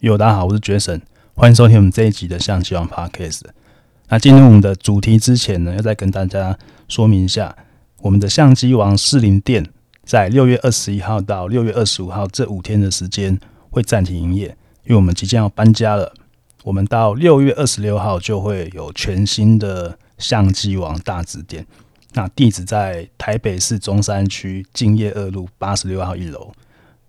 喲，大家好，我是 Jason，歡迎收聽我們這一集的相機王 Podcast。那進入我們的主題之前呢，要再跟大家說明一下，我們的相機王四零店在六月二十一號到六月二十五號這五天的時間會暫停營業，因為我們即將要搬家了。我們到六月二十六號就會有全新的相機王大直店，那地址在台北市中山區敬業二路八十六號一樓。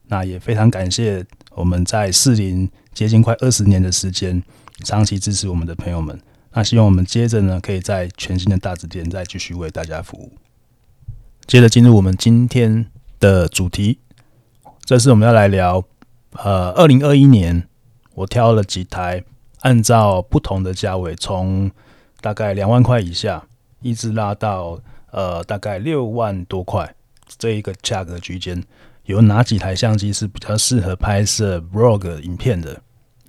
那也非常感謝。我們在四零接近快二十年的時間，長期支持我們的朋友們，那希望我們接着呢，可以在全新的大字店再繼續為大家服務。接着進入我們今天的主題，這次我們要來聊，呃，二零二一年我挑了幾台，按照不同的價位，從大概兩萬塊以下，一直拉到呃大概六萬多塊這一個價格的區間。有哪幾台相機是比較適合拍攝 Vlog 影片的，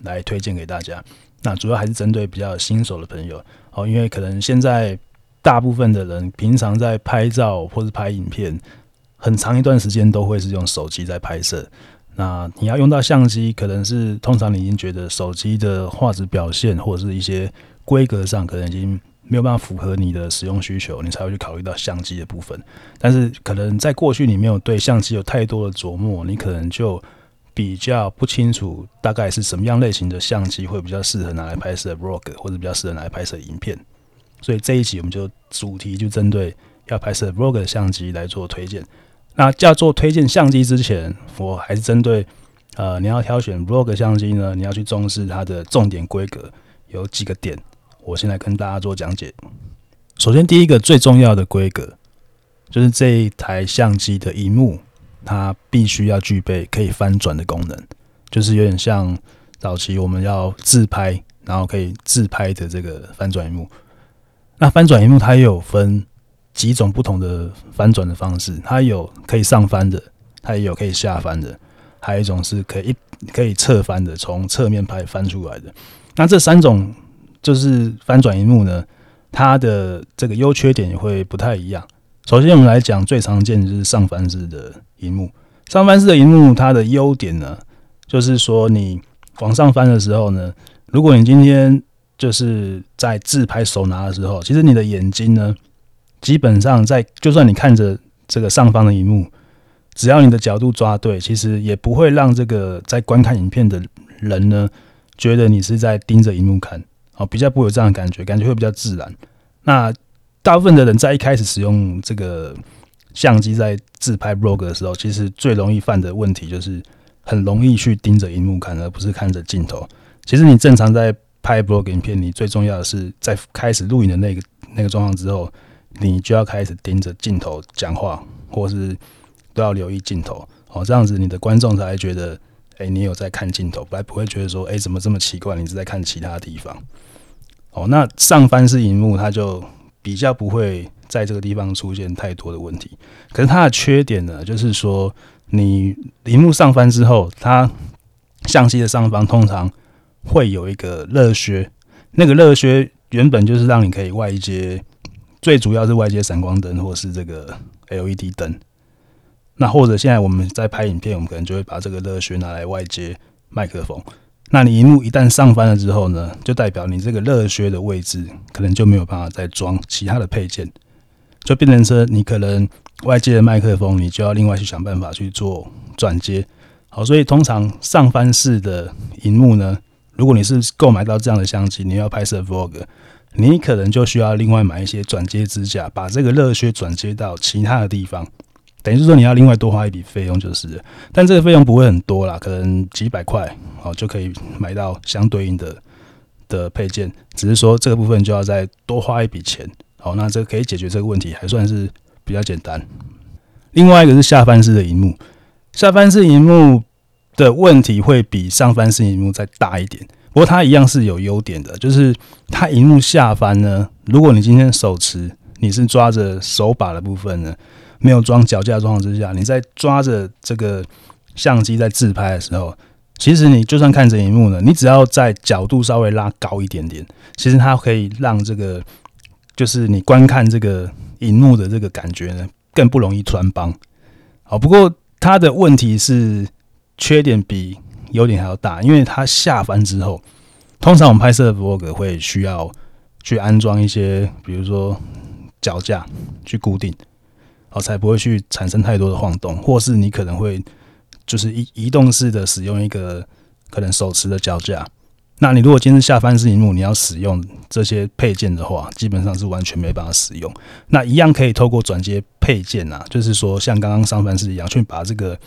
來推薦給大家？那主要還是針對比較新手的朋友哦，因為可能現在大部分的人平常在拍照或是拍影片，很長一段時間都會是用手機在拍攝。那你要用到相機，可能是通常你已經覺得手機的畫質表現或者是一些規格上，可能已經。沒有辦法符合你的使用需求，你才會去考慮到相機的部分。但是可能在過去你沒有對相機有太多的琢磨，你可能就比較不清楚大概是什麼樣類型的相機會比較適合拿來拍攝 Vlog，或者比較適合拿來拍攝影片。所以這一集我們就主題就針對要拍攝 Vlog 的相機來做推薦。那在做推薦相機之前，我還是針對呃你要挑選 Vlog 相機呢，你要去重視它的重點規格有幾個點。我先來跟大家做講解。首先，第一個最重要的規格，就是這一台相機的螢幕，它必須要具備可以翻轉的功能，就是有點像早期我們要自拍，然後可以自拍的這個翻轉螢幕。那翻轉螢幕它也有分幾種不同的翻轉的方式，它有可以上翻的，它也有可以下翻的，還有一種是可以一可以側翻的，從側面拍翻出來的。那這三種。就是翻轉熒幕呢，它的這個優缺點也會不太一樣。首先，我們來講最常見，就是上翻式的熒幕上翻式的熒幕，它的優點呢，就是說你往上翻的時候呢，如果你今天就是在自拍手拿的時候，其實你的眼睛呢，基本上在就算你看着這個上方的熒幕，只要你的角度抓對，其實也不會讓這個在觀看影片的人呢，覺得你是在盯着熒幕看。哦，比較不會有這樣的感覺，感覺會比較自然。那大部分的人在一開始使用這個相機在自拍 vlog 的時候，其實最容易犯的問題就是很容易去盯着熒幕看，而不是看着鏡頭。其實你正常在拍 vlog 影片，你最重要的是在開始錄影的那個那個狀況之後，你就要開始盯着鏡頭講話，或是都要留意鏡頭。哦，這樣子你的觀眾才會覺得，欸，你有在看鏡頭，不然不會覺得說，欸，怎麼這麼奇怪，你是在看其他地方。哦，那上翻式熒幕它就比較不會在這個地方出現太多的問題，可是它的缺點呢，就是說你熒幕上翻之後，它相機的上方通常會有一個熱靴，那個熱靴原本就是讓你可以外接，最主要是外接閃光燈或是這個 LED 燈，那或者現在我們在拍影片，我們可能就會把這個熱靴拿來外接麥克風。那你熒幕一旦上翻了之後呢，就代表你這個熱靴的位置可能就沒有辦法再裝其他的配件，就變成說你可能外接的麥克風你就要另外去想辦法去做轉接。好，所以通常上翻式的熒幕呢，如果你是購買到這樣的相機，你要拍攝 Vlog，你可能就需要另外買一些轉接支架，把這個熱靴轉接到其他的地方。也就是說，你要另外多花一筆費用，就是，但這個費用不會很多啦，可能幾百塊哦就可以買到相對應的的配件。只是說這個部分就要再多花一筆錢，好，那這個可以解決這個問題，還算是比較簡單。另外一個是下翻式的熒幕，下翻式熒幕的問題會比上翻式熒幕再大一點，不過它一樣是有優點的，就是它熒幕下翻呢，如果你今天手持，你是抓着手把的部分呢。沒有裝腳架狀況之下，你在抓着這個相機在自拍的時候，其實你就算看着熒幕呢，你只要在角度稍微拉高一點點，其實它可以讓這個就是你觀看這個熒幕的這個感覺呢更不容易穿幫。好，不過它的問題是缺點比優點還要大，因為它下翻之後，通常我們拍攝的 Vlog 會需要去安裝一些，比如說腳架去固定。哦，才不會去產生太多的晃動，或是你可能會就是移移動式的使用一個可能手持的腳架。那你如果今天是下翻式熒幕，你要使用這些配件的話，基本上是完全沒辦法使用。那一樣可以透過轉接配件啊，就是說像剛剛上翻式一樣，去把這個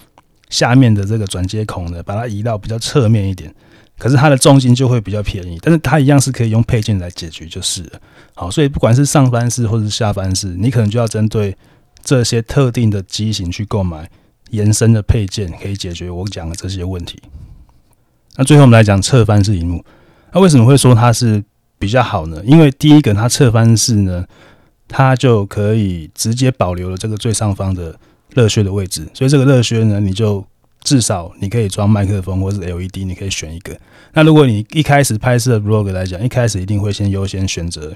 下面的這個轉接孔呢，把它移到比較側面一點，可是它的重心就會比較便宜，但是它一樣是可以用配件來解決，就是了。好，所以不管是上翻式或是下翻式，你可能就要針對。這些特定的機型去購買延伸的配件，可以解決我講的這些問題。那最後我們來講側翻式熒幕那為什麼會說它是比較好呢？因為第一個，它側翻式呢，它就可以直接保留了這個最上方的熱靴的位置，所以這個熱靴呢，你就至少你可以裝麥克風或者是 LED，你可以選一個。那如果你一開始拍攝的 Vlog 來講，一開始一定會先優先選擇，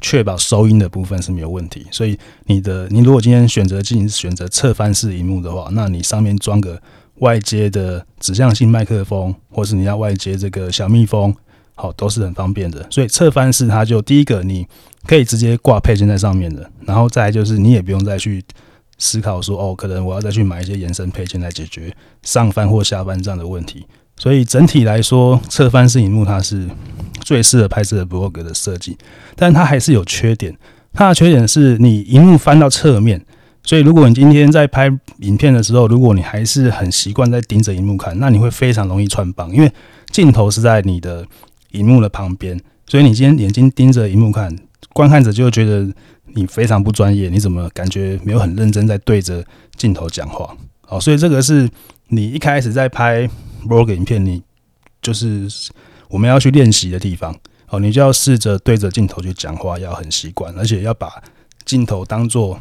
確保收音的部分是沒有問題，所以你的你如果今天選擇進行選擇側翻式熒幕的話，那你上面裝個外接的指向性麥克風，或是你要外接這個小蜜蜂，好都是很方便的。所以側翻式它就第一個你可以直接掛配件在上面的，然後再來就是你也不用再去思考說哦，可能我要再去買一些延伸配件來解決上翻或下翻這樣的問題。所以整體來說，側翻式熒幕它是最適合拍攝的 vlog 的設計，但它還是有缺點。它的缺點是你熒幕翻到側面，所以如果你今天在拍影片的時候，如果你還是很習慣在盯着熒幕看，那你會非常容易穿幫，因為鏡頭是在你的熒幕的旁邊，所以你今天眼睛盯着熒幕看，觀看者就會覺得你非常不專業。你怎麼感覺沒有很認真在對着鏡頭講話？哦，所以這個是你一開始在拍。Vlog 影片，你就是我們要去練習的地方哦。你就要試着對着鏡頭去講話，要很習慣，而且要把鏡頭當做，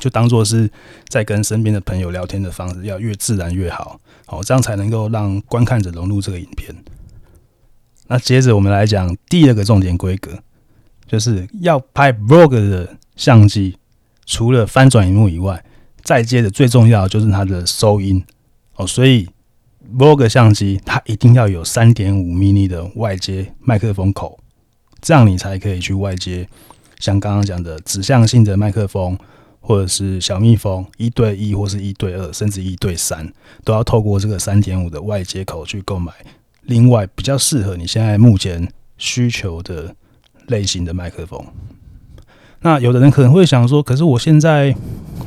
就當做是在跟身邊的朋友聊天的方式，要越自然越好。好，這樣才能夠讓觀看者融入這個影片。那接着我們來講第二個重點規格，就是要拍 Vlog 的相機，除了翻轉熒幕以外，再接着最重要的就是它的收音哦，所以。Vlog 相機，它一定要有三點五 mm 的外接麥克風口，這樣你才可以去外接像剛剛講的指向性的麥克風，或者是小蜜蜂一對一或是一對二，甚至一對三，都要透過這個三點五的外接口去購買另外比較適合你現在目前需求的類型的麥克風。那有的人可能會想說，可是我現在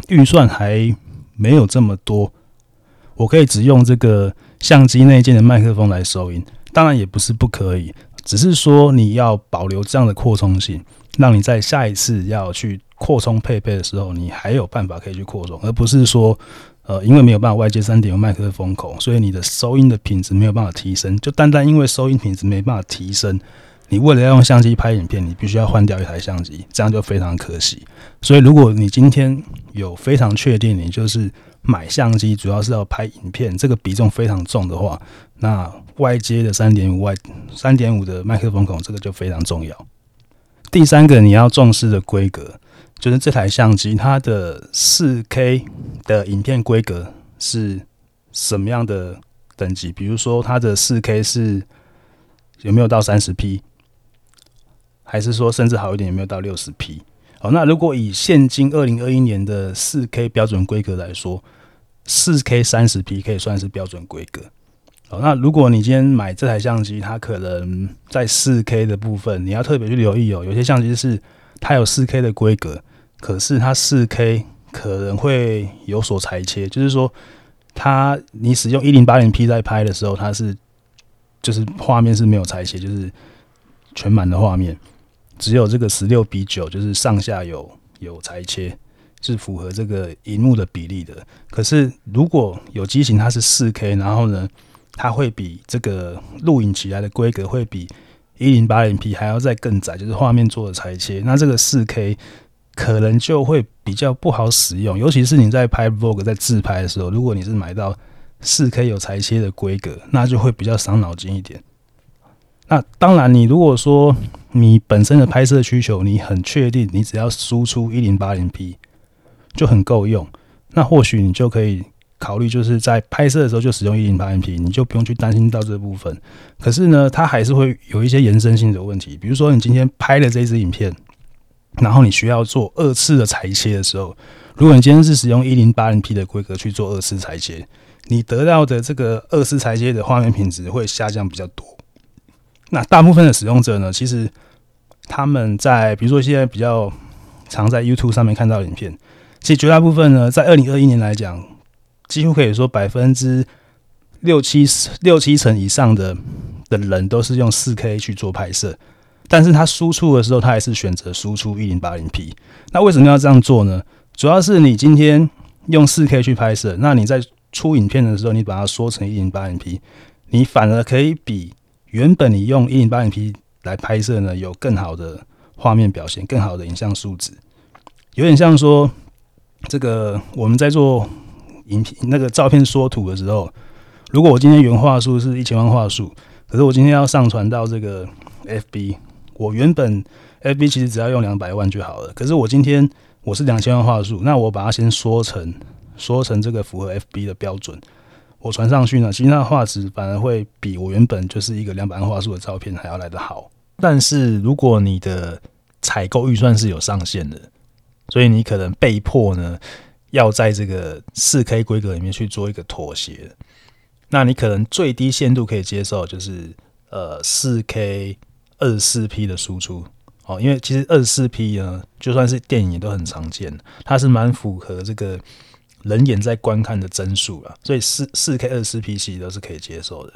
預算還沒有這麼多，我可以只用這個相機內建的麥克風來收音，當然也不是不可以，只是說你要保留這樣的擴充性，讓你在下一次要去擴充配備的時候，你還有辦法可以去擴充，而不是說，呃，因為沒有辦法外接三點五麥克風孔，所以你的收音的品質沒有辦法提升。就單單因為收音品質沒辦法提升，你為了要用相機拍影片，你必須要換掉一台相機，這樣就非常可惜。所以，如果你今天有非常確定你就是。買相機主要是要拍影片，這個比重非常重的話，那外接的三點五外，三點五的麥克風孔，這個就非常重要。第三個你要重視的規格，就是這台相機它的四 K 的影片規格是什麼樣的等級？比如說它的四 K 是有沒有到三十 P，還是說甚至好一點有沒有到六十 P？好，那如果以現今二零二一年的四 K 標準規格來說。四 K 三十 P 可以算是標準規格。好，那如果你今天買這台相機，它可能在四 K 的部分，你要特別去留意哦。有些相機是它有四 K 的規格，可是它四 K 可能會有所裁切，就是說它，你使用一零八零 P 在拍的時候，它是就是畫面是沒有裁切，就是全滿的畫面，只有這個十六比九就是上下有有裁切。是符合這個熒幕的比例的。可是如果有機型它是 4K，然後呢，它會比這個錄影起來的規格會比 1080P 還要再更窄，就是畫面做的裁切。那這個 4K 可能就會比較不好使用，尤其是你在拍 Vlog 在自拍的時候，如果你是買到 4K 有裁切的規格，那就會比較傷腦筋一點。那當然，你如果說你本身的拍攝需求，你很確定你只要輸出 1080P。就很夠用，那或許你就可以考慮，就是在拍攝的時候就使用一零八零 P，你就不用去擔心到這部分。可是呢，它還是會有一些延伸性的問題，比如說你今天拍了這支影片，然後你需要做二次的裁切的時候，如果你今天是使用一零八零 P 的規格去做二次裁切，你得到的這個二次裁切的畫面品質會下降比較多。那大部分的使用者呢，其實他們在比如說現在比較常在 YouTube 上面看到的影片。其實絕大部分呢，在二零二一年來講，幾乎可以說百分之六七、六七成以上的的人都是用四 K 去做拍攝，但是它輸出的時候，它還是選擇輸出一零八零 P。那為什麼要這樣做呢？主要是你今天用四 K 去拍攝，那你在出影片的時候，你把它縮成一零八零 P，你反而可以比原本你用一零八零 P 來拍攝呢，有更好的畫面表現，更好的影像素質，有點像說。這個我們在做影片，那個照片縮圖的時候，如果我今天原畫素是一千萬畫素，可是我今天要上傳到這個 FB，我原本 FB 其實只要用兩百萬就好了。可是我今天我是兩千萬畫素，那我把它先縮成，縮成這個符合 FB 的標準，我傳上去呢，其實它的畫質反而會比我原本就是一個兩百萬畫素的照片還要來得好。但是如果你的採購預算是有上限的。所以你可能被迫呢，要在這個四 K 規格裡面去做一個妥協。那你可能最低限度可以接受就是呃四 K 二四 P 的輸出哦，因為其實二四 P 呢，就算是電影也都很常見，它是蠻符合這個人眼在觀看的幀數了。所以四四 K 二四 P 其實都是可以接受的。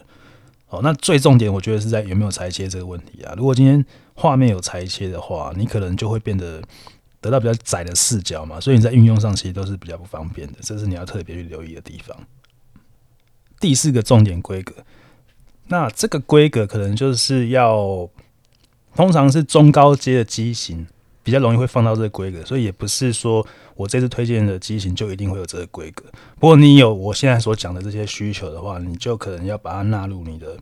哦，那最重點我覺得是在有沒有裁切這個問題啊。如果今天畫面有裁切的話，你可能就會變得。得到比較窄的視角嘛，所以你在運用上其實都是比較不方便的，這是你要特別去留意的地方。第四個重點規格，那這個規格可能就是要，通常是中高階的機型比較容易會放到這個規格，所以也不是說我這次推薦的機型就一定會有這個規格。不過你有我現在所講的這些需求的話，你就可能要把它納入你的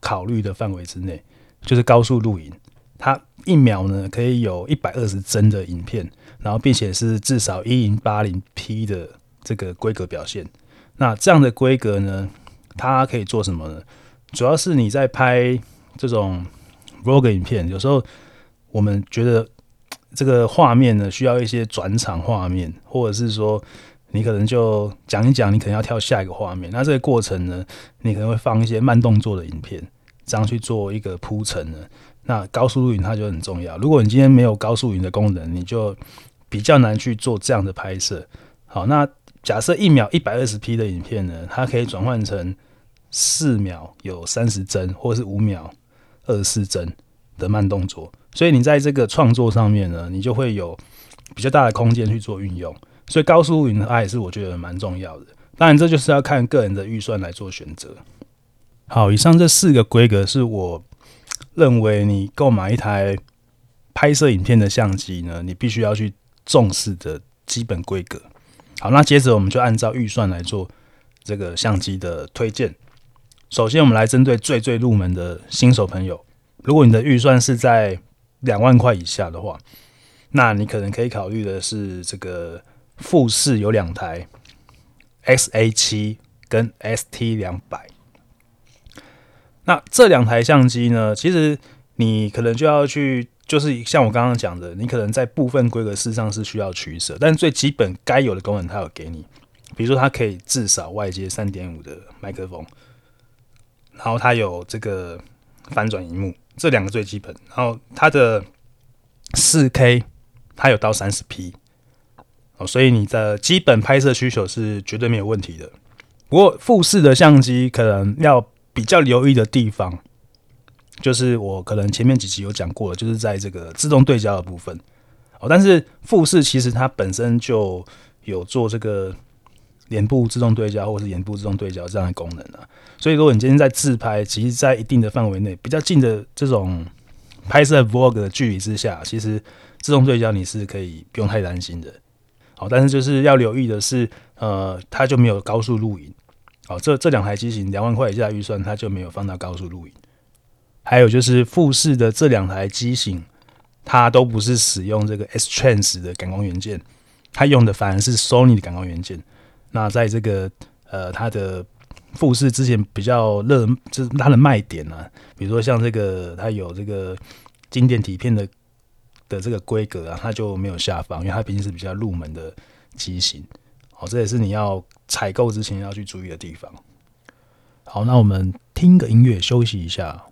考慮的範圍之內，就是高速錄影它，一秒呢，可以有一百二十幀的影片，然後並且是至少一零八零 P 的這個規格表現。那這樣的規格呢，它可以做什麼呢？主要是你在拍這種 Vlog 影片，有時候我們覺得這個畫面呢，需要一些轉場畫面，或者是說你可能就講一講，你可能要跳下一個畫面。那這個過程呢，你可能會放一些慢動作的影片，這樣去做一個鋪陳呢。那高速錄影它就很重要。如果你今天沒有高速錄影的功能，你就比較難去做這樣的拍攝。好，那假設一秒一百二十 P 的影片呢，它可以轉換成四秒有三十幀，或者是五秒二十四幀的慢動作。所以你在這個創作上面呢，你就會有比較大的空間去做運用。所以高速錄影它也是我覺得蠻重要的。當然，這就是要看個人的預算來做選擇。好，以上這四個規格是我認為你購買一台拍攝影片的相機呢，你必須要去重視的基本規格。好，那接着我們就按照預算來做這個相機的推薦。首先，我們來針對最最入門的新手朋友，如果你的預算是在兩萬塊以下的話，那你可能可以考慮的是這個富士有兩台，XA7 跟 ST200。那這兩台相機呢，其實你可能就要去，就是像我剛剛講的，你可能在部分規格上，是需要取捨，但最基本該有的功能它有給你，比如說它可以至少外接三點五的麥克風，然後它有這個翻轉熒幕，這兩個最基本，然後它的四 K，它有到三十 P，哦，所以你的基本拍攝需求是絕對沒有問題的。不過富士的相機可能要比較留意的地方，就是我可能前面幾集有講過的，就是在這個自動對焦的部分哦。但是富士其實它本身就有做這個臉部自動對焦或者是眼部自動對焦這樣的功能啊。所以如果你今天在自拍，其實在一定的範圍內，比較近的這種拍攝 Vlog 的距離之下，其實自動對焦你是可以不用太擔心的。好，但是就是要留意的是，呃，它就沒有高速錄影。哦，這這兩台機型，兩萬塊以下預算，它就沒有放到高速錄影。還有就是富士的這兩台機型，它都不是使用這個 X-Trans 的感光元件，它用的反而是 Sony 的感光元件。那在這個呃，它的富士之前比較熱，就是它的賣點呢、啊，比如說像這個它有這個經典底片的的這個規格啊，它就沒有下放，因為它畢竟是比較入門的機型。好，這也是你要採購之前要去注意的地方。好，那我們聽個音樂休息一下。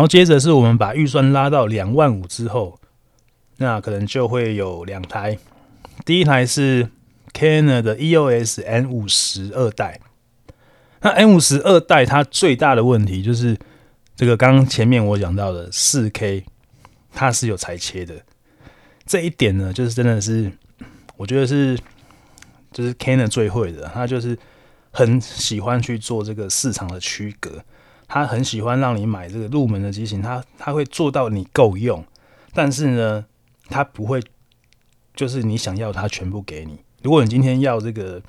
然後接着是我們把預算拉到兩萬五之後，那可能就會有兩台。第一台是 Canon 的 EOS M 五十二代。那 M 五十二代它最大的問題就是這個剛前面我講到的四 K，它是有裁切的。這一點呢，就是真的是我覺得是，就是 Canon 最會的，他就是很喜歡去做這個市場的區隔。他很喜歡讓你買這個入門的機型，他他會做到你夠用，但是呢，他不會就是你想要他全部給你。如果你今天要這個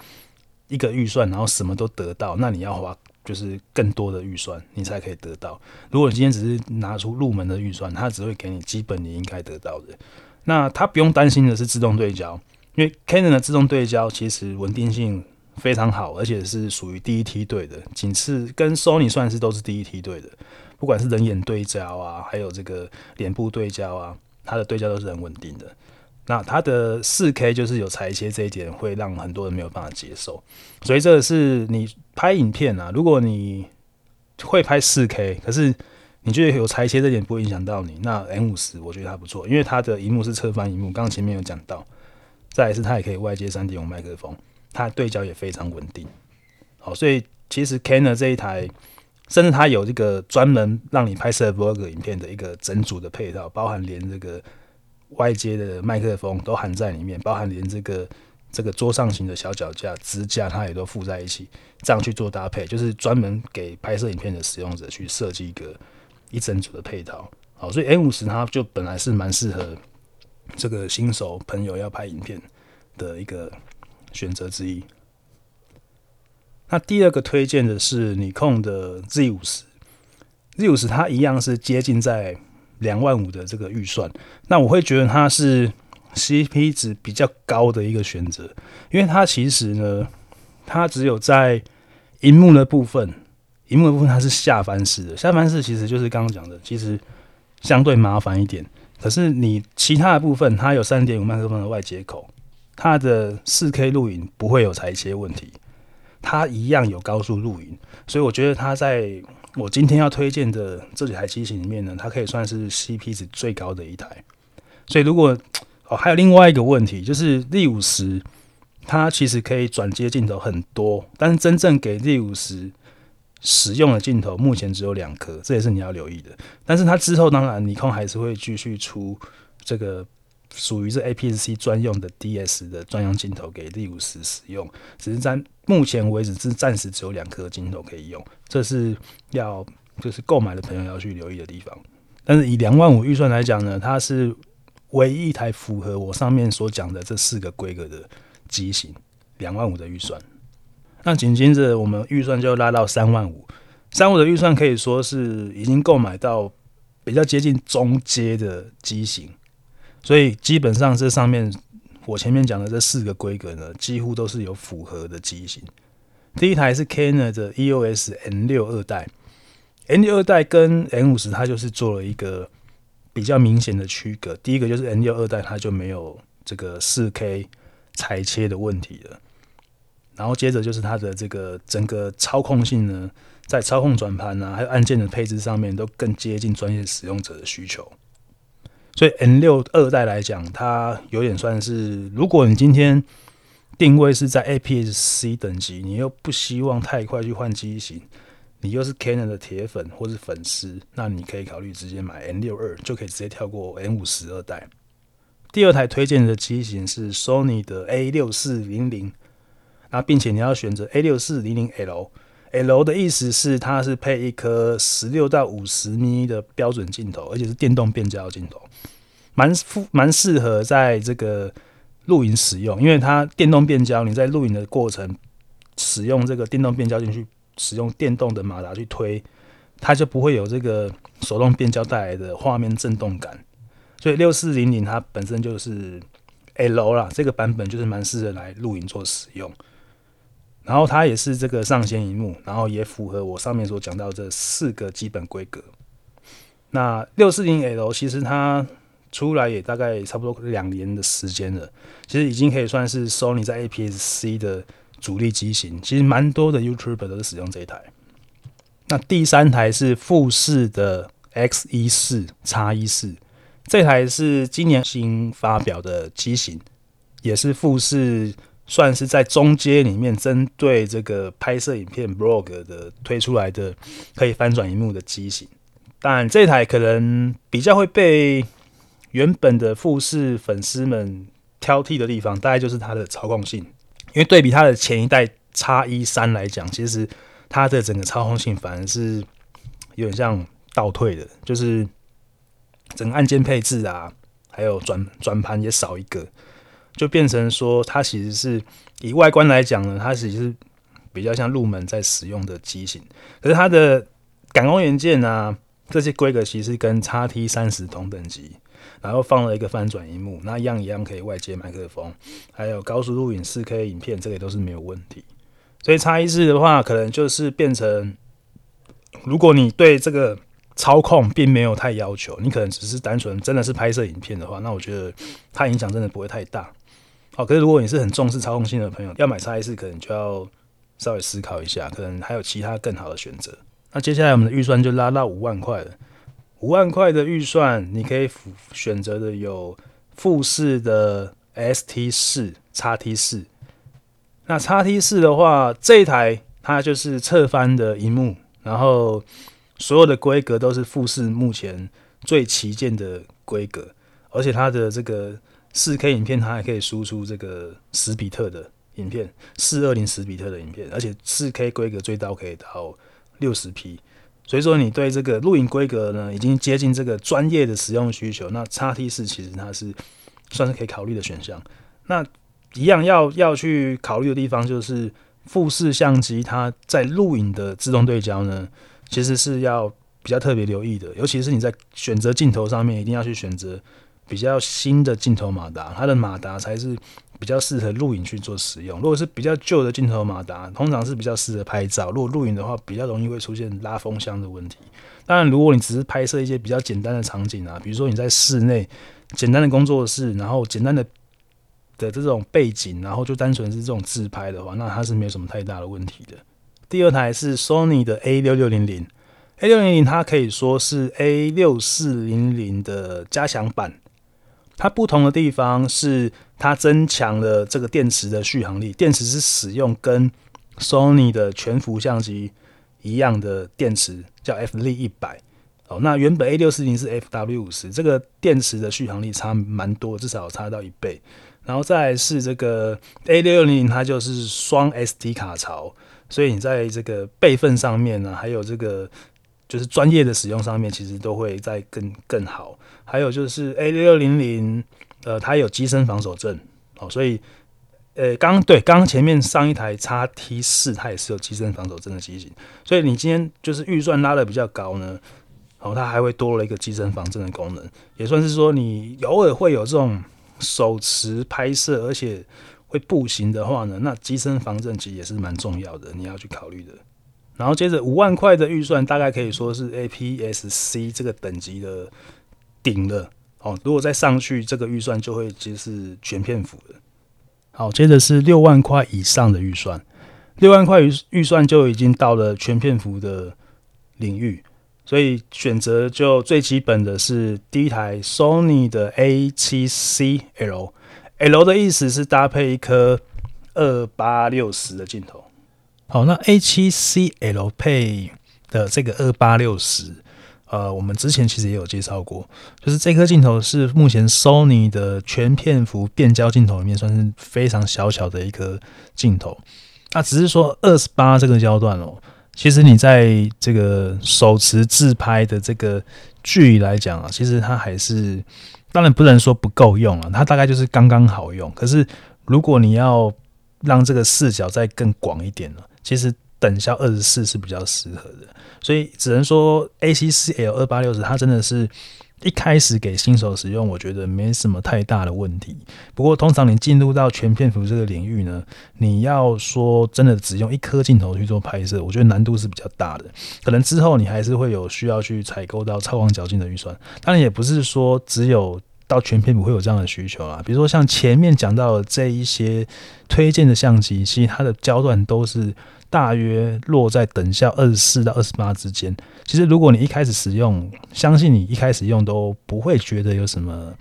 一個預算，然後什麼都得到，那你要花就是更多的預算，你才可以得到。如果你今天只是拿出入門的預算，他只會給你基本你應該得到的。那他不用擔心的是自動對焦，因為 Canon 的自動對焦其實穩定性。非常好，而且是屬於第一梯隊的，僅次跟 Sony 算是都是第一梯隊的。不管是人眼對焦啊，還有這個臉部對焦啊，它的對焦都是很穩定的。那它的四 K 就是有裁切這一點，會讓很多人沒有辦法接受。所以這個是你拍影片啊，如果你會拍四 K，可是你覺得有裁切這一點不會影響到你，那 M 五十我覺得還不錯，因為它的屏幕是側翻屏幕，剛剛前面有講到，再來是它也可以外接三點五麥克風。它對焦也非常穩定，好，所以其實 Canon 的這一台，甚至它有這個專門讓你拍攝 Vlog 影片的一個整組的配套，包含連這個外接的麥克風都含在裡面，包含連這個這個桌上型的小腳架支架，它也都附在一起，這樣去做搭配，就是專門給拍攝影片的使用者去設計一個一整組的配套。好，所以 M 五十它就本來是蠻適合這個新手朋友要拍影片的一個。選擇之一。那第二個推薦的是 Nikon 的 Z 五十，Z 五十它一樣是接近在兩萬五的這個預算。那我會覺得它是 CP 值比較高的一個選擇，因為它其實呢，它只有在熒幕的部分，熒幕的部分它是下翻式的，下翻式其實就是剛剛講的，其實相對麻煩一點。可是你其他的部分，它有三點五麥克風的外接口。它的 4K 錄影不會有裁切問題，它一樣有高速錄影，所以我覺得它在我今天要推薦的這幾台機型裡面呢，它可以算是 CP 值最高的一台。所以如果哦，還有另外一個問題就是 Z50，它其實可以轉接鏡頭很多，但是真正給 Z50 使用的鏡頭目前只有兩顆，這也是你要留意的。但是它之後當然尼康還是會繼續出這個。屬於是 APS-C 專用的 DS 的專用鏡頭，給 Z50 使用。只是在目前為止是暫時只有兩顆鏡頭可以用，這是要就是購買的朋友要去留意的地方。但是以兩萬五預算來講呢，它是唯一一台符合我上面所講的這四個規格的機型。兩萬五的預算，那緊接着我們預算就拉到三萬五。三萬五的預算可以說是已經購買到比較接近中階的機型。所以基本上這上面我前面講的這四個規格呢，幾乎都是有符合的機型。第一台是 Canon 的 EOS M 六二代，M 六二代，跟 M 五十它就是做了一個比較明顯的區隔。第一個就是 M 六二代，它就沒有這個四 K 裁切的問題了，然後接着就是它的這個整個操控性呢，在操控轉盤啊，還有按鍵的配置上面，都更接近專業使用者的需求。所以 M 六二代來講，它有點算是，如果你今天定位是在 APS-C 等級，你又不希望太快去換機型，你又是 Canon 的鐵粉或是粉絲，那你可以考慮直接買 M 六二，就可以直接跳過 M 五十二代。第二台推薦的機型是 Sony 的 A 六四零零，那並且你要選擇 A 六四零零 L。L 的意思是它是配一顆十六到五十米的標準鏡頭，而且是電動變焦鏡頭，蠻蠻適合在這個錄影使用，因為它電動變焦，你在錄影的過程使用這個電動變焦進去，使用電動的馬達去推，它就不會有這個手動變焦帶來的畫面震動感，所以六四零零它本身就是 L 啦，這個版本就是蠻適合來錄影做使用。然後它也是這個上掀螢幕，然後也符合我上面所講到這四個基本規格。那六四零 L 其實它出來也大概差不多兩年的時間了，其實已經可以算是 Sony 在 APS-C 的主力機型，其實蠻多的 YouTuber 都是使用這一台。那第三台是富士的 X 一四叉一四，這台是今年新發表的機型，也是富士。算是在中階裡面，針對這個拍攝影片、Vlog 的推出來的可以翻轉熒幕的機型。但這台可能比較會被原本的富士粉絲們挑剔的地方，大概就是它的操控性。因為對比它的前一代 X 一三來講，其實它的整個操控性反而是有點像倒退的，就是整個按鍵配置啊，還有轉轉盤也少一個。就變成說，它其實是以外觀來講呢，它其實是比較像入門在使用的機型。可是它的感光元件啊，這些規格其實跟 X-T30 同等級，然後放了一個翻轉熒幕，那一樣一樣可以外接麥克風，還有高速錄影四 K 影片，這個都是沒有問題。所以 X-T4 的話，可能就是變成，如果你對這個操控並沒有太要求，你可能只是單純真的是拍攝影片的話，那我覺得它影響真的不會太大。好、哦，可是如果你是很重視操控性的朋友，要買叉 S 可能就要稍微思考一下，可能還有其他更好的選擇。那接下來我們的預算就拉到五萬塊了。五萬塊的預算，你可以選擇的有富士的 ST 四、叉 T 四。那叉 T 四的話，這一台它就是側翻的螢幕，然後所有的規格都是富士目前最旗艦的規格，而且它的這個。四 K 影片，它還可以輸出這個十比特的影片，四二零十比特的影片，而且四 K 規格最高可以到六十 P，所以說你對這個錄影規格呢，已經接近這個專業的使用需求。那 X-T4 其實它是算是可以考慮的選項。那一樣要要去考慮的地方，就是富士相機它在錄影的自動對焦呢，其實是要比較特別留意的，尤其是你在選擇鏡頭上面，一定要去選擇。比較新的鏡頭馬達，它的馬達才是比較適合錄影去做使用。如果是比較舊的鏡頭馬達，通常是比較適合拍照。如果錄影的話，比較容易會出現拉風箱的問題。當然，如果你只是拍攝一些比較簡單的場景啊，比如說你在室內、簡單的工作室，然後簡單的的這種背景，然後就單純是這種自拍的話，那它是沒有什麼太大的問題的。第二台是 Sony 的 A 六六零零，A 六零零它可以說是 A 六四零零的加強版。它不同的地方是，它增強了這個電池的續航力。電池是使用跟 Sony 的全幅相機一樣的電池，叫 FZ 一百。哦，那原本 A 六四零是 FW 五十，這個電池的續航力差蠻多，至少差到一倍。然後再來是這個 A 六六零零，它就是雙 SD 卡槽，所以你在這個備份上面呢，還有這個。就是專業的使用上面，其實都會再更更好。還有就是 A 六零零，呃，它有機身防守陣哦，所以，呃，剛對，剛前面上一台叉 T 四，它也是有機身防手震的機型。所以你今天就是預算拉得比較高呢，好、哦，它還會多了一個機身防震的功能，也算是說你偶爾會有這種手持拍攝，而且會步行的話呢，那機身防震其實也是蠻重要的，你要去考慮的。然後接着五萬塊的預算大概可以說是 APS-C 這個等級的頂了，哦，如果再上去，這個預算就會就是全片幅的。好，接着是六萬塊以上的預算，六萬塊預預算就已經到了全片幅的領域，所以選擇就最基本的是第一台 Sony 的 A7C L，L 的意思是搭配一顆二八六十的鏡頭。好，那 A7C 配的這個二八六十，呃，我們之前其實也有介紹過，就是這顆鏡頭是目前 Sony 的全片幅變焦鏡頭裡面算是非常小巧的一顆鏡頭。那只是說二十八這個焦段哦、喔，其實你在這個手持自拍的這個距離來講啊，其實它還是當然不能說不夠用啊，它大概就是剛剛好用。可是如果你要讓這個視角再更廣一點呢、啊？其實等效二十四是比較適合的，所以只能說 A C C L 28-60，它真的是一開始給新手使用，我覺得沒什麼太大的問題。不過通常你進入到全片幅這個領域呢，你要說真的只用一顆鏡頭去做拍攝，我覺得難度是比較大的。可能之後你還是會有需要去採購到超廣角鏡的預算。當然也不是說只有。到全片不會有這樣的需求啊，比如說像前面講到的這一些推薦的相機，其實它的焦段都是大約落在等效二十四到二十八之間。其實如果你一開始使用，相信你一開始用都不會覺得有什麼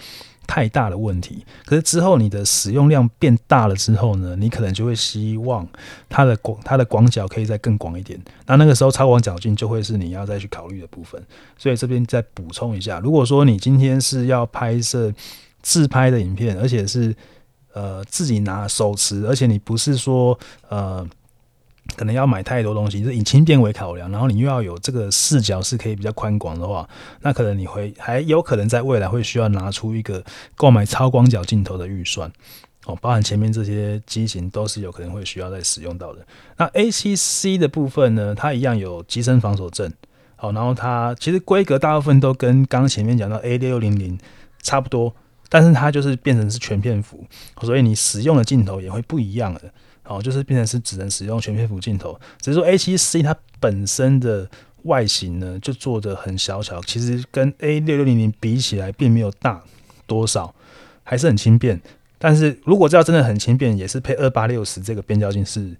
太大的問題，可是之後你的使用量變大了之後呢，你可能就會希望它的廣，它的廣角可以再更廣一點。那那個時候超廣角鏡就會是你要再去考慮的部分。所以這邊再補充一下，如果說你今天是要拍攝自拍的影片，而且是呃自己拿手持，而且你不是說呃。可能要買太多東西，就是以輕便為考量，然後你又要有這個視角是可以比較寬廣的話，那可能你會還有可能在未來會需要拿出一個購買超廣角鏡頭的預算哦，包含前面這些機型都是有可能會需要再使用到的。那 A7C 的部分呢，它一樣有機身防手震好、哦，然後它其實規格大部分都跟剛前面講到 A6000 差不多，但是它就是變成是全片幅，所以你使用的鏡頭也會不一樣的。哦，就是變成是只能使用全片幅鏡頭。只是說 A7C 它本身的外形呢，就做得很小巧，其實跟 A6600 比起來並沒有大多少，還是很輕便。但是如果這樣真的很輕便，也是配二八六十這個變焦鏡是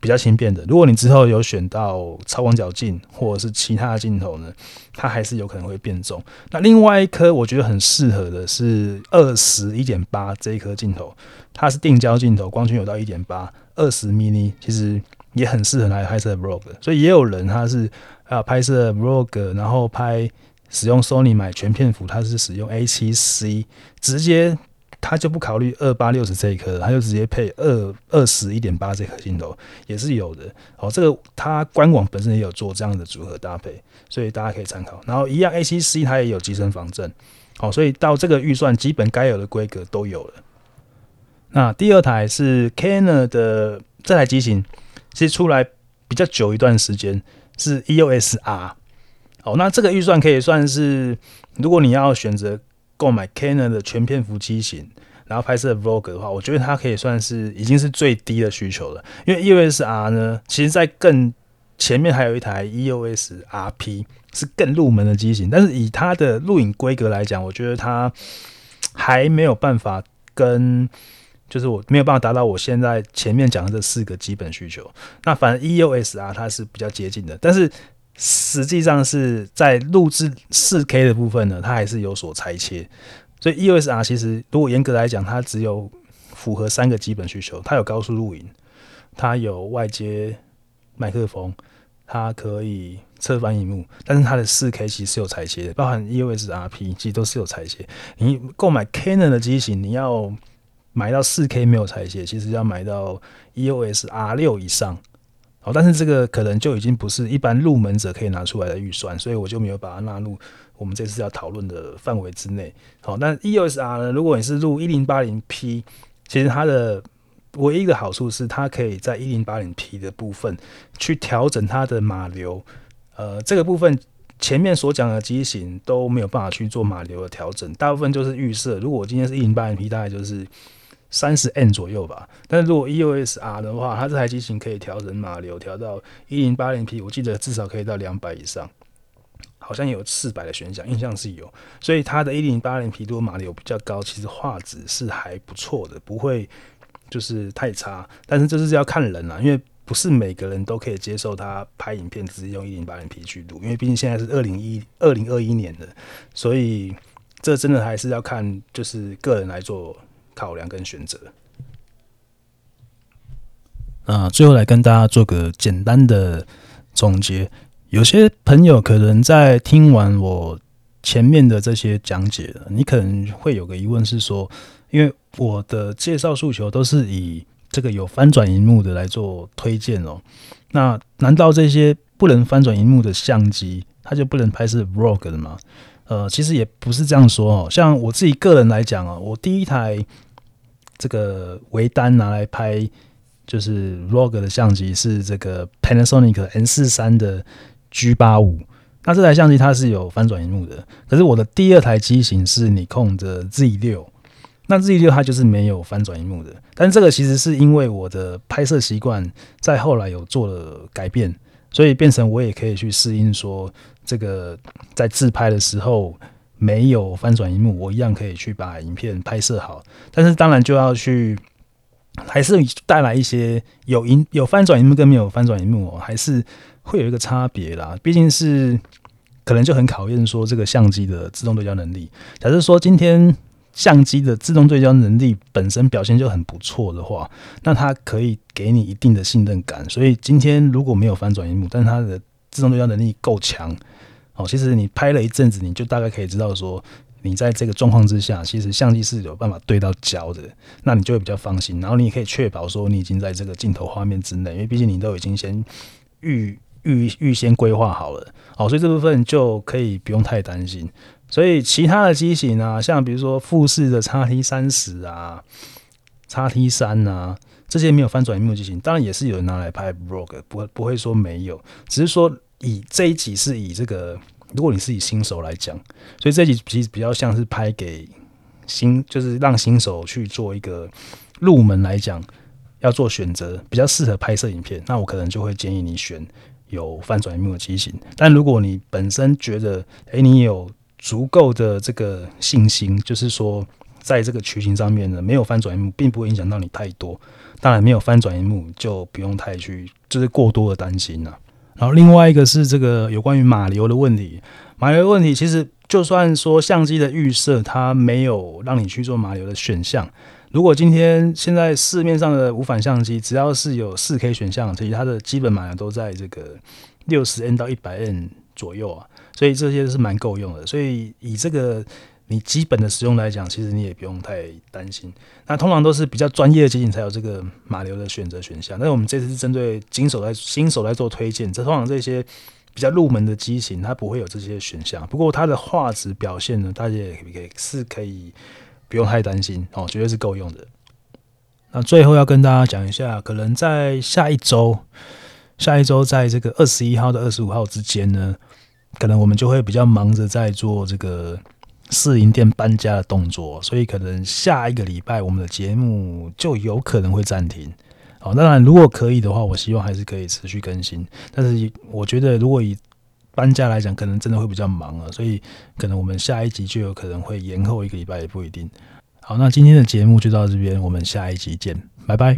比較輕便的。如果你之後有選到超廣角鏡或者是其他的鏡頭呢，它還是有可能會變重。那另外一顆我覺得很適合的是二十一點八這一顆鏡頭，它是定焦鏡頭，光圈有到一點八。二十 mini 其實也很適合來拍攝 vlog，所以也有人他是啊拍攝 vlog，然後拍使用 Sony 買全片幅，他是使用 A7C，直接他就不考慮二八六十這一顆，他就直接配二二十一點八這顆鏡頭也是有的。哦，這個他官網本身也有做這樣的組合搭配，所以大家可以參考。然後一樣 A7C 它也有機身防震，哦，所以到這個預算基本該有的規格都有了。那第二台是 Canon 的這台機型，其實出來比較久一段時間是 EOS R 哦，那這個預算可以算是，如果你要選擇購買 Canon 的全片幅機型，然後拍攝 Vlog 的話，我覺得它可以算是已經是最低的需求了。因為 EOS R 呢，其實，在更前面還有一台 EOS RP 是更入門的機型，但是以它的錄影規格來講，我覺得它還沒有辦法跟。就是我沒有辦法達到我現在前面講的這四個基本需求。那反正 EOSR 它是比較接近的，但是實際上是在錄制四 K 的部分呢，它還是有所裁切。所以 EOSR 其實如果嚴格來講，它只有符合三個基本需求：它有高速錄影，它有外接麥克風，它可以側翻熒幕。但是它的四 K 其實是有裁切的，包含 EOSRP 其實都是有裁切。你購買 Canon 的機型，你要買到 4K 沒有拆卸。其實要買到 EOS R 六以上，好，但是這個可能就已經不是一般入門者可以拿出來的預算，所以我就沒有把它納入我們這次要討論的範圍之內。好，那 EOS R 呢？如果你是入 1080P，其實它的唯一的好處是它可以在 1080P 的部分去調整它的碼流，呃，這個部分前面所講的機型都沒有辦法去做碼流的調整，大部分就是預設。如果我今天是 1080P，大概就是。三十 n 左右吧，但是如果 EOS R 的話，它這台機型可以調整碼流，調到一零八零 p，我記得至少可以到兩百以上，好像有四百的選項，印象是有。所以它的 1080p 如果碼流比較高，其實畫質是還不錯的，不會就是太差。但是這是要看人啊，因為不是每個人都可以接受他拍影片只是用 1080p 去錄，因為畢竟現在是二零一二零二一年的，所以這真的還是要看就是個人來做考量跟選擇。啊，最後來跟大家做個簡單的總結。有些朋友可能在聽完我前面的這些講解，你可能會有個疑問是說，因為我的介紹訴求都是以這個有翻轉熒幕的來做推薦哦。那難道這些不能翻轉熒幕的相機，它就不能拍攝 vlog 的嗎？呃，其實也不是這樣說哦、喔。像我自己個人來講哦，我第一台。這個微單拿來拍就是 Vlog 的相機是這個 Panasonic M 四三的 G 八五，那這台相機它是有翻轉熒幕的。可是我的第二台機型是尼康的 Z 六，那 Z 六它就是沒有翻轉熒幕的。但這個其實是因為我的拍攝習慣在後來有做了改變，所以變成我也可以去適應說這個在自拍的時候。沒有翻轉熒幕，我一樣可以去把影片拍攝好，但是當然就要去，還是帶來一些有熒有,有翻轉熒幕跟沒有翻轉熒幕哦，還是會有一個差別啦。畢竟是可能就很考驗說這個相機的自動對焦能力。假設說今天相機的自動對焦能力本身表現就很不錯的話，那它可以給你一定的信任感。所以今天如果沒有翻轉熒幕，但是它的自動對焦能力夠強。哦，其實你拍了一陣子，你就大概可以知道說，你在這個狀況之下，其實相機是有辦法對到焦的，那你就會比較放心。然後你也可以確保說，你已經在這個鏡頭畫面之內，因為畢竟你都已經先預預預先規劃好了。哦，所以這部分就可以不用太擔心。所以其他的機型啊，像比如說富士的 XT30 啊、XT3 啊，這些沒有翻轉熒幕機型，當然也是有人拿來拍 vlog，不不會說沒有，只是說。以這一集是以這個，如果你是以新手來講，所以這一集其實比較像是拍給新，就是讓新手去做一個入門來講，要做選擇比較適合拍攝影片，那我可能就會建議你選有翻轉螢幕的機型。但如果你本身覺得，誒、欸、你有足夠的這個信心，就是說在這個取景上面呢，沒有翻轉螢幕並不會影響到你太多，當然沒有翻轉螢幕就不用太去，就是過多的擔心了、啊。然後另外一個是這個有關於碼流的問題，碼流的問題其實就算說相機的預設，它沒有讓你去做碼流的選項。如果今天現在市面上的無反相機，只要是有四 K 選項，其實它的基本碼流都在這個六十 M 到一百 M 左右啊，所以這些是蠻夠用的。所以以這個。你基本的使用來講，其實你也不用太擔心。那通常都是比較專業的機型才有這個碼流的選擇選項。那我們這次是針對新手來新手來做推薦。這通常這些比較入門的機型，它不會有這些選項。不過它的畫質表現呢，大家也是可以不用太擔心哦，絕對是夠用的。那最後要跟大家講一下，可能在下一週，下一週在這個二十一號到二十五號之間呢，可能我們就會比較忙着在做這個。試營店搬家的動作，所以可能下一個禮拜我們的節目就有可能會暫停。好，當然如果可以的話，我希望還是可以持續更新。但是我覺得如果以搬家來講，可能真的會比較忙啊，所以可能我們下一集就有可能會延後一個禮拜，也不一定。好，那今天的節目就到這邊，我們下一集見，拜拜。